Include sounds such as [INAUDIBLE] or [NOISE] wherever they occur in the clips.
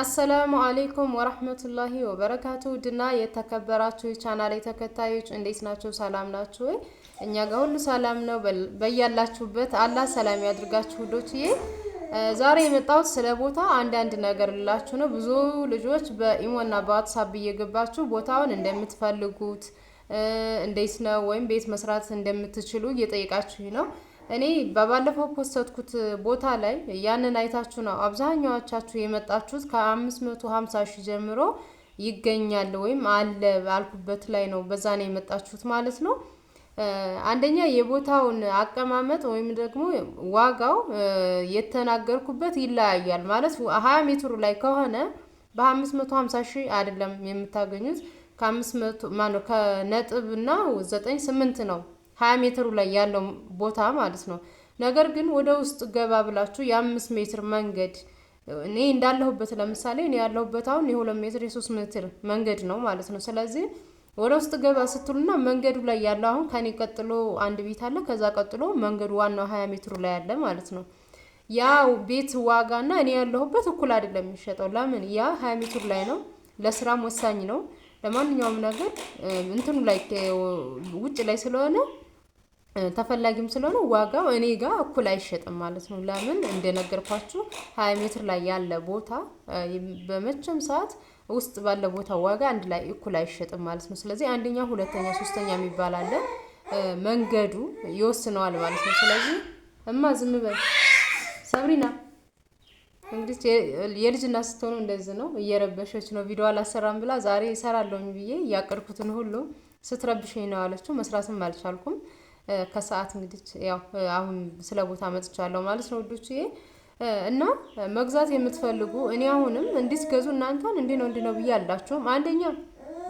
አሰላሙ አሌይኩም ወራህመቱላሂ ወበረካቱ ድና የተከበራችሁ የቻናል ተከታዮች እንዴት ናቸው? ሰላም ናችሁ ወይ? እኛ ጋር ሁሉ ሰላም ነው። በያላችሁበት አላህ ሰላም ያድርጋችሁ ውዶችዬ። ዛሬ የመጣሁት ስለ ቦታ አንዳንድ ነገር ልላችሁ ነው። ብዙ ልጆች በኢሞና በዋትሳፕ እየገባችሁ ቦታውን እንደምትፈልጉት እንዴት ነው ወይም ቤት መስራት እንደምትችሉ እየጠየቃችሁ ነው። እኔ በባለፈው ፖስተትኩት ቦታ ላይ ያንን አይታችሁ ነው አብዛኛዎቻችሁ የመጣችሁት። ከ550 ሺህ ጀምሮ ይገኛል ወይም አለ አልኩበት ላይ ነው በዛ ነው የመጣችሁት ማለት ነው። አንደኛ የቦታውን አቀማመጥ ወይም ደግሞ ዋጋው የተናገርኩበት ይለያያል ማለት 20 ሜትሩ ላይ ከሆነ በ550 ሺህ አይደለም የምታገኙት ከነጥብ እና 98 ነው ሀያ ሜትሩ ላይ ያለው ቦታ ማለት ነው። ነገር ግን ወደ ውስጥ ገባ ብላችሁ የአምስት ሜትር መንገድ እኔ እንዳለሁበት ለምሳሌ እኔ ያለሁበት አሁን የሁለት ሜትር የሶስት ሜትር መንገድ ነው ማለት ነው። ስለዚህ ወደ ውስጥ ገባ ስትሉና መንገዱ ላይ ያለው አሁን ከኔ ቀጥሎ አንድ ቤት አለ። ከዛ ቀጥሎ መንገዱ ዋናው ሀያ ሜትሩ ላይ አለ ማለት ነው። ያ ቤት ዋጋና እኔ ያለሁበት እኩል አይደለም የሚሸጠው። ለምን ያ ሀያ ሜትሩ ላይ ነው። ለስራም ወሳኝ ነው። ለማንኛውም ነገር እንትኑ ላይ ውጭ ላይ ስለሆነ ተፈላጊም ስለሆነ ዋጋው እኔ ጋር እኩል አይሸጥም ማለት ነው። ለምን እንደነገርኳችሁ ሀያ ሜትር ላይ ያለ ቦታ በመቼም ሰዓት ውስጥ ባለ ቦታ ዋጋ አንድ ላይ እኩል አይሸጥም ማለት ነው። ስለዚህ አንደኛ፣ ሁለተኛ፣ ሶስተኛ የሚባል አለ። መንገዱ ይወስነዋል ማለት ነው። ስለዚህ እማ ዝም በል ሰብሪና። እንግዲህ የልጅና ስትሆኑ እንደዚህ ነው። እየረበሸች ነው ቪዲዮ አላሰራም ብላ ዛሬ እሰራለሁኝ ብዬ እያቀድኩትን ሁሉ ስትረብሸኝ ነው አለችው። መስራትም አልቻልኩም። ከሰዓት እንግዲህ ያው አሁን ስለ ቦታ መጥቻለሁ ማለት ነው ይሄ እና መግዛት የምትፈልጉ እኔ አሁንም እንዲትገዙ እናንተን እንዲህ ነው እንዲህ ነው ብዬ አላችሁም። አንደኛ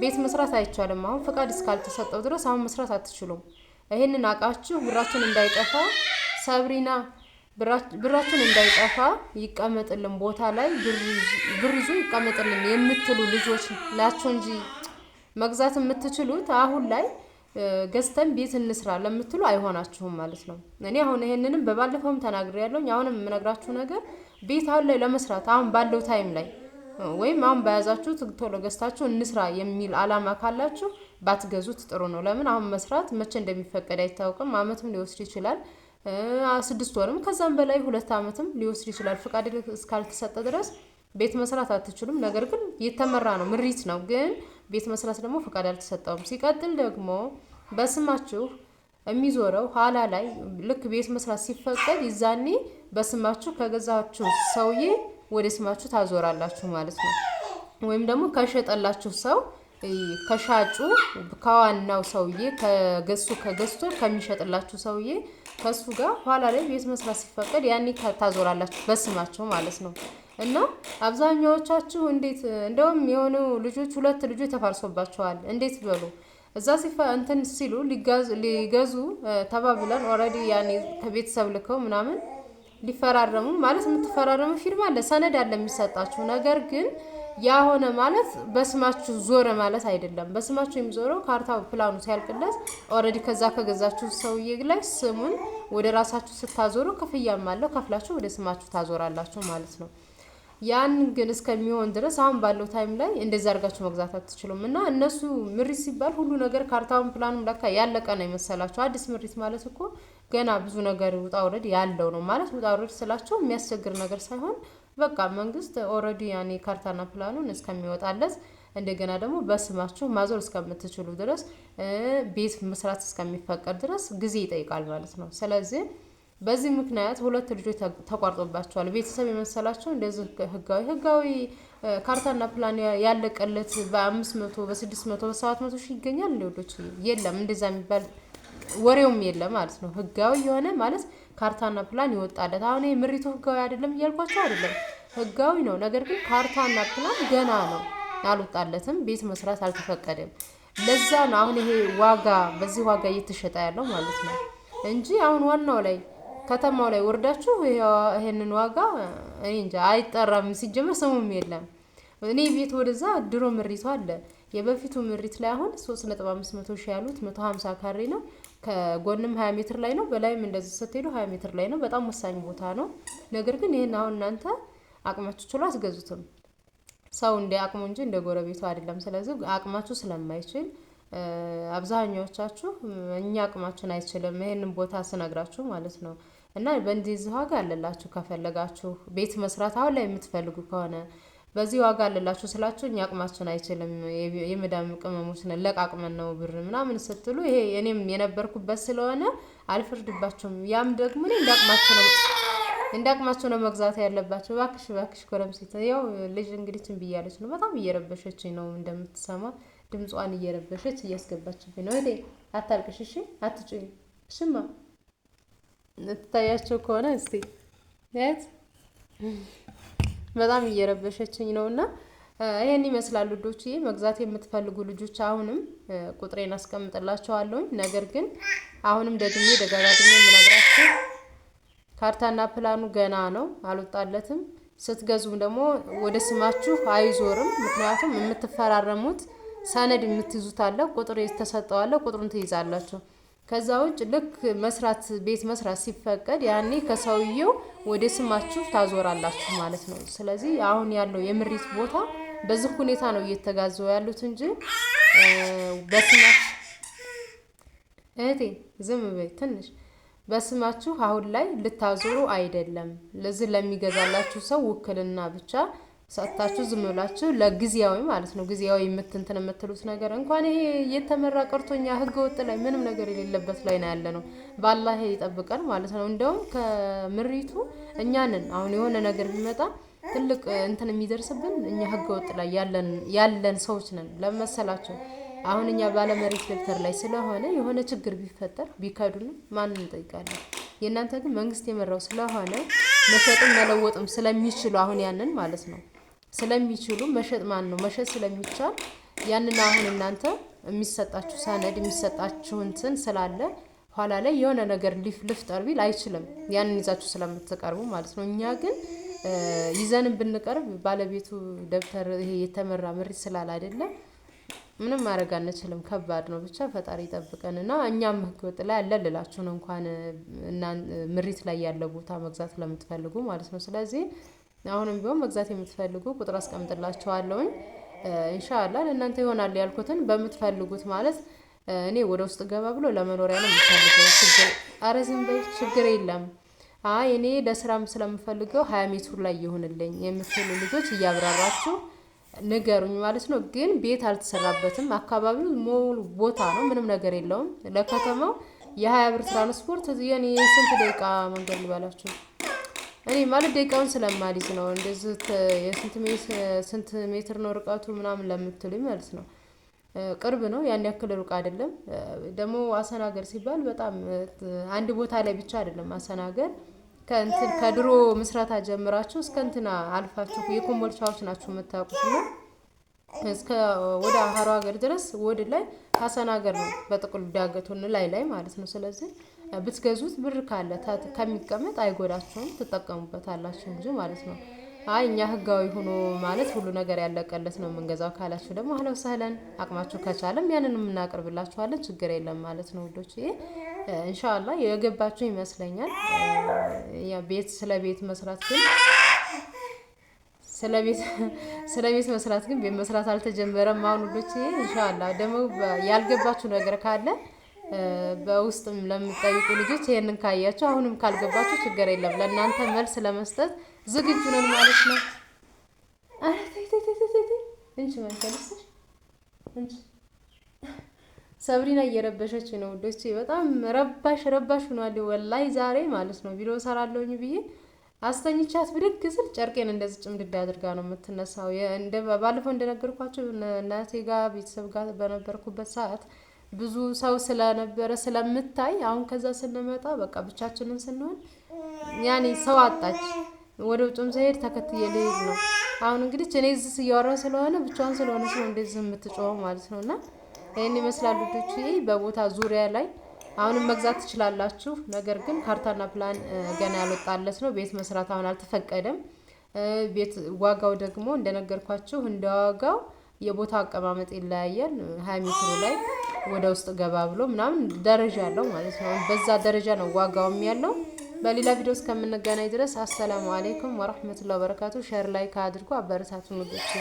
ቤት መስራት አይቻልም። አሁን ፈቃድ እስካልተሰጠው ድረስ አሁን መስራት አትችሉም። ይህንን አውቃችሁ ብራችን እንዳይጠፋ ሰብሪና ብራችን እንዳይጠፋ ይቀመጥልን ቦታ ላይ ብር ይዞ ይቀመጥልን የምትሉ ልጆች ናቸው እንጂ መግዛት የምትችሉት አሁን ላይ ገዝተን ቤት እንስራ ለምትሉ አይሆናችሁም ማለት ነው። እኔ አሁን ይሄንንም በባለፈውም ተናግሬ ያለውኝ አሁንም የምነግራችሁ ነገር ቤት አሁን ላይ ለመስራት አሁን ባለው ታይም ላይ ወይም አሁን በያዛችሁ ቶሎ ገዝታችሁ እንስራ የሚል አላማ ካላችሁ ባትገዙት ጥሩ ነው። ለምን አሁን መስራት መቼ እንደሚፈቀድ አይታወቅም። አመትም ሊወስድ ይችላል፣ ስድስት ወርም ከዛም በላይ ሁለት አመትም ሊወስድ ይችላል። ፍቃድ እስካልተሰጠ ድረስ ቤት መስራት አትችሉም። ነገር ግን የተመራ ነው፣ ምሪት ነው ግን ቤት መስራት ደግሞ ፈቃድ አልተሰጠውም። ሲቀጥል ደግሞ በስማችሁ የሚዞረው ኋላ ላይ ልክ ቤት መስራት ሲፈቀድ ይዛኔ በስማችሁ ከገዛችሁ ሰውዬ ወደ ስማችሁ ታዞራላችሁ ማለት ነው። ወይም ደግሞ ከሸጠላችሁ ሰው ከሻጩ ከዋናው ሰውዬ ከገሱ ከገዝቶ ከሚሸጥላችሁ ሰውዬ ከሱ ጋር ኋላ ላይ ቤት መስራት ሲፈቀድ ያኔ ታዞራላችሁ በስማቸው ማለት ነው። እና አብዛኛዎቻችሁ እንዴት እንደውም የሆኑ ልጆች ሁለት ልጆች ተፋርሶባቸዋል። እንዴት በሉ እዛ ሲፋ እንትን ሲሉ ሊገዙ ተባብለን ኦልሬዲ ያኔ ከቤተሰብ ልከው ምናምን ሊፈራረሙ ማለት የምትፈራረሙ ፊርማ አለ፣ ሰነድ አለ የሚሰጣችሁ። ነገር ግን ያሆነ ማለት በስማችሁ ዞረ ማለት አይደለም። በስማችሁ የሚዞረው ካርታው ፕላኑ ሲያልቅለት ኦልሬዲ ከዛ ከገዛችሁ ሰውዬ ላይ ስሙን ወደ ራሳችሁ ስታዞሩ ክፍያም አለው ከፍላችሁ ወደ ስማችሁ ታዞራላችሁ ማለት ነው። ያን ግን እስከሚሆን ድረስ አሁን ባለው ታይም ላይ እንደዚህ አድርጋችሁ መግዛት አትችሉም። እና እነሱ ምሪት ሲባል ሁሉ ነገር ካርታውን፣ ፕላኑም ለካ ያለቀ ነው የመሰላቸው። አዲስ ምሪት ማለት እኮ ገና ብዙ ነገር ውጣ ውረድ ያለው ነው ማለት። ውጣ ውረድ ስላቸው የሚያስቸግር ነገር ሳይሆን በቃ መንግስት ኦልሬዲ ያኔ ካርታና ፕላኑን እስከሚወጣለት እንደገና ደግሞ በስማቸው ማዞር እስከምትችሉ ድረስ ቤት መስራት እስከሚፈቀድ ድረስ ጊዜ ይጠይቃል ማለት ነው። ስለዚህ በዚህ ምክንያት ሁለት ልጆች ተቋርጦባቸዋል። ቤተሰብ የመሰላቸው እንደዚህ ህጋዊ ህጋዊ ካርታና ፕላን ያለቀለት በአምስት መቶ በስድስት መቶ በሰባት መቶ ሺህ ይገኛል። ሌሎች የለም እንደዛ የሚባል ወሬውም የለም ማለት ነው። ህጋዊ የሆነ ማለት ካርታና ፕላን ይወጣለት። አሁን ምሪቱ ህጋዊ አይደለም እያልኳቸው አይደለም፣ ህጋዊ ነው። ነገር ግን ካርታና ፕላን ገና ነው አልወጣለትም። ቤት መስራት አልተፈቀደም። ለዛ ነው አሁን ይሄ ዋጋ በዚህ ዋጋ እየተሸጠ ያለው ማለት ነው እንጂ አሁን ዋናው ላይ ከተማው ላይ ወርዳችሁ ይሄንን ዋጋ እኔ እንጃ አይጠራም። ሲጀመር ስሙም የለም። እኔ ቤት ወደዛ ድሮ ምሪቱ አለ የበፊቱ ምሪት ላይ አሁን 3500 ሺህ ያሉት 150 ካሬ ነው። ከጎንም 20 ሜትር ላይ ነው። በላይም እንደዚህ ስትሄዱ 20 ሜትር ላይ ነው። በጣም ወሳኝ ቦታ ነው። ነገር ግን ይሄን አሁን እናንተ አቅማችሁ ችሎ አስገዙትም። ሰው እንደ አቅሙ እንጂ እንደ ጎረቤቱ አይደለም። ስለዚህ አቅማችሁ ስለማይችል አብዛኛዎቻችሁ እኛ አቅማችን አይችልም፣ ይሄንን ቦታ ስነግራችሁ ማለት ነው እና በእንደዚህ ዋጋ አለላችሁ ከፈለጋችሁ ቤት መስራት አሁን ላይ የምትፈልጉ ከሆነ በዚህ ዋጋ አለላችሁ ስላችሁ እኛ አቅማችን አይችልም የመዳም ቅመሞች ነን ለቃቅመን ነው ብር ምናምን ስትሉ ይሄ እኔም የነበርኩበት ስለሆነ አልፈርድባቸውም። ያም ደግሞ እኔ እንዳቅማችሁ ነው እንደ አቅማቸው ነው መግዛት ያለባቸው። ባክሽ ባክሽ ጎረምሴት ያው ልጅ እንግዲችን ብያለች ነው። በጣም እየረበሸችኝ ነው እንደምትሰማ ድምጿን እየረበሸች እያስገባችብኝ ነው። አታልቅሽ፣ እሺ አትጩኝ፣ እሽማ ትታያቸው ከሆነ እስቲ ያት በጣም እየረበሸችኝ ነው እና ይሄን ይመስላል ልጆች። መግዛት የምትፈልጉ ልጆች አሁንም ቁጥሬን አስቀምጥላችኋለሁ። ነገር ግን አሁንም ደግሜ ደጋጋግሜ የምነግራችሁ ካርታና ፕላኑ ገና ነው፣ አልወጣለትም። ስትገዙም ደግሞ ወደ ስማችሁ አይዞርም። ምክንያቱም የምትፈራረሙት ሰነድ የምትይዙት አለ፣ ቁጥር ተሰጠዋለ፣ ቁጥሩን ትይዛላችሁ። ከዛ ውጭ ልክ መስራት ቤት መስራት ሲፈቀድ ያኔ ከሰውየው ወደ ስማችሁ ታዞራላችሁ ማለት ነው። ስለዚህ አሁን ያለው የምሪት ቦታ በዚህ ሁኔታ ነው እየተጋዘው ያሉት እንጂ በስማችሁ እህቴ ዝም በይ ትንሽ በስማችሁ አሁን ላይ ልታዞሩ አይደለም። ለዚህ ለሚገዛላችሁ ሰው ውክልና ብቻ ሰጥታችሁ ዝም ብላችሁ ለጊዜያዊ ማለት ነው ጊዜያዊ የምትንትን የምትሉት ነገር እንኳን ይሄ የተመራ ቀርቶኛ ህገ ወጥ ላይ ምንም ነገር የሌለበት ላይ ነው ያለ ነው። ባላህ ይጠብቀን ማለት ነው። እንደውም ከምሪቱ እኛንን አሁን የሆነ ነገር ቢመጣ ትልቅ እንትን የሚደርስብን እኛ ህገ ወጥ ላይ ያለን ሰዎች ነን። ለመሰላቸው አሁን እኛ ባለመሬት ሌክተር ላይ ስለሆነ የሆነ ችግር ቢፈጠር ቢከዱን ማንን እንጠይቃለን? የእናንተ ግን መንግስት የመራው ስለሆነ መሸጥም መለወጥም ስለሚችሉ አሁን ያንን ማለት ነው ስለሚችሉ መሸጥ ማን ነው መሸጥ ስለሚቻል ያንን አሁን እናንተ የሚሰጣችሁ ሰነድ የሚሰጣችሁ እንትን ስላለ ኋላ ላይ የሆነ ነገር ልፍጠር ቢል አይችልም። ያንን ይዛችሁ ስለምትቀርቡ ማለት ነው። እኛ ግን ይዘንም ብንቀርብ ባለቤቱ ደብተር ይሄ የተመራ ምሪት ስላል አይደለም ምንም ማድረግ አንችልም። ከባድ ነው። ብቻ ፈጣሪ ይጠብቀን እና እኛም ህገወጥ ላይ አለ ልላችሁን እንኳን ምሪት ላይ ያለ ቦታ መግዛት ለምትፈልጉ ማለት ነው። ስለዚህ አሁንም ቢሆን መግዛት የምትፈልጉ ቁጥር አስቀምጥላችኋለሁኝ። እንሻላ ለእናንተ ይሆናል ያልኩትን በምትፈልጉት ማለት እኔ ወደ ውስጥ ገባ ብሎ ለመኖሪያ ነው የምፈልገው። ችግር አረ ዝም በይ ችግር የለም አይ እኔ ለስራም ስለምፈልገው ሀያ ሜትር ላይ ይሁንልኝ የምትሉ ልጆች እያብራራችሁ ንገሩኝ ማለት ነው። ግን ቤት አልተሰራበትም። አካባቢው ሞል ቦታ ነው፣ ምንም ነገር የለውም። ለከተማው የሀያ ብር ትራንስፖርት የኔ ስንት ደቂቃ መንገድ ልበላችሁ እኔ ማለት ደቂቃውን ስለማልይዝ ነው እንደዚህ ስንት ሜትር ነው ርቀቱ ምናምን ለምትሉኝ ማለት ነው። ቅርብ ነው ያን ያክል ሩቅ አይደለም። ደግሞ አሰናገር ሲባል በጣም አንድ ቦታ ላይ ብቻ አይደለም አሰናገር ከእንትን ከድሮ ምስረታ ጀምራችሁ እስከ እንትና አልፋችሁ የኮምቦልቻዎች ናችሁ የምታውቁት እና እስከ ወደ አፋሮ ሀገር ድረስ ወደ ላይ አሰናገር ነው በጥቅሉ ዳገቱን ላይ ላይ ማለት ነው ስለዚህ ብትገዙት ብር ካለ ከሚቀመጥ አይጎዳችሁም፣ ትጠቀሙበታላችሁ እንጂ ማለት ነው። አይ እኛ ህጋዊ ሆኖ ማለት ሁሉ ነገር ያለቀለት ነው የምንገዛው ካላችሁ ደግሞ አለው ሰህለን አቅማችሁ ከቻለም ያንን የምናቀርብላችኋለን ችግር የለም ማለት ነው ውዶች። ይሄ እንሻላ የገባችሁ ይመስለኛል። ቤት ስለ ቤት መስራት ግን [LAUGHS] ስለ ቤት መስራት ግን ቤት መስራት አልተጀመረም አሁን ውዶች። ይሄ እንሻላ ደግሞ ያልገባችሁ ነገር ካለ በውስጥም ለምጠይቁ ልጆች ይህንን ካያችሁ አሁንም ካልገባችሁ ችግር የለም፣ ለእናንተ መልስ ለመስጠት ዝግጁ ነን ማለት ነው። እንቺ መንከልስሽ ሰብሪና እየረበሸች ነው ውዶቼ፣ በጣም ረባሽ ረባሽ ሆኗል። ወላይ ዛሬ ማለት ነው ቢሮ ሰራለሁኝ ብዬ አስተኝቻት ብድግ ስል ጨርቄን እንደዚህ ጭምድድ አድርጋ ነው የምትነሳው። ባለፈው እንደነገርኳቸው እናቴ ጋር ቤተሰብ ጋር በነበርኩበት ሰዓት ብዙ ሰው ስለነበረ ስለምታይ አሁን ከዛ ስንመጣ በቃ ብቻችንን ስንሆን ያኔ ሰው አጣች። ወደ ውጭም ስሄድ ተከትዬ ልሄድ ነው። አሁን እንግዲህ እኔ እዚህ እያወራሁ ስለሆነ ብቻዋን ስለሆነ ስለ እንደዚህ የምትጮኸው ማለት ነው። እና ይህን ይመስላል ልጆች፣ በቦታ ዙሪያ ላይ አሁንም መግዛት ትችላላችሁ። ነገር ግን ካርታና ፕላን ገና ያልወጣለት ነው። ቤት መስራት አሁን አልተፈቀደም። ቤት ዋጋው ደግሞ እንደነገርኳችሁ እንደ ዋጋው የቦታ አቀማመጥ ይለያያል። ሀያ ሜትሩ ላይ ወደ ውስጥ ገባ ብሎ ምናምን ደረጃ ያለው ማለት ነው። በዛ ደረጃ ነው ዋጋውም ያለው። በሌላ ቪዲዮ እስከምንገናኝ ድረስ አሰላሙ አሌይኩም ወረህመቱላ በረካቱ። ሸር ላይ ከአድርጎ አበረታቱ ምግቦች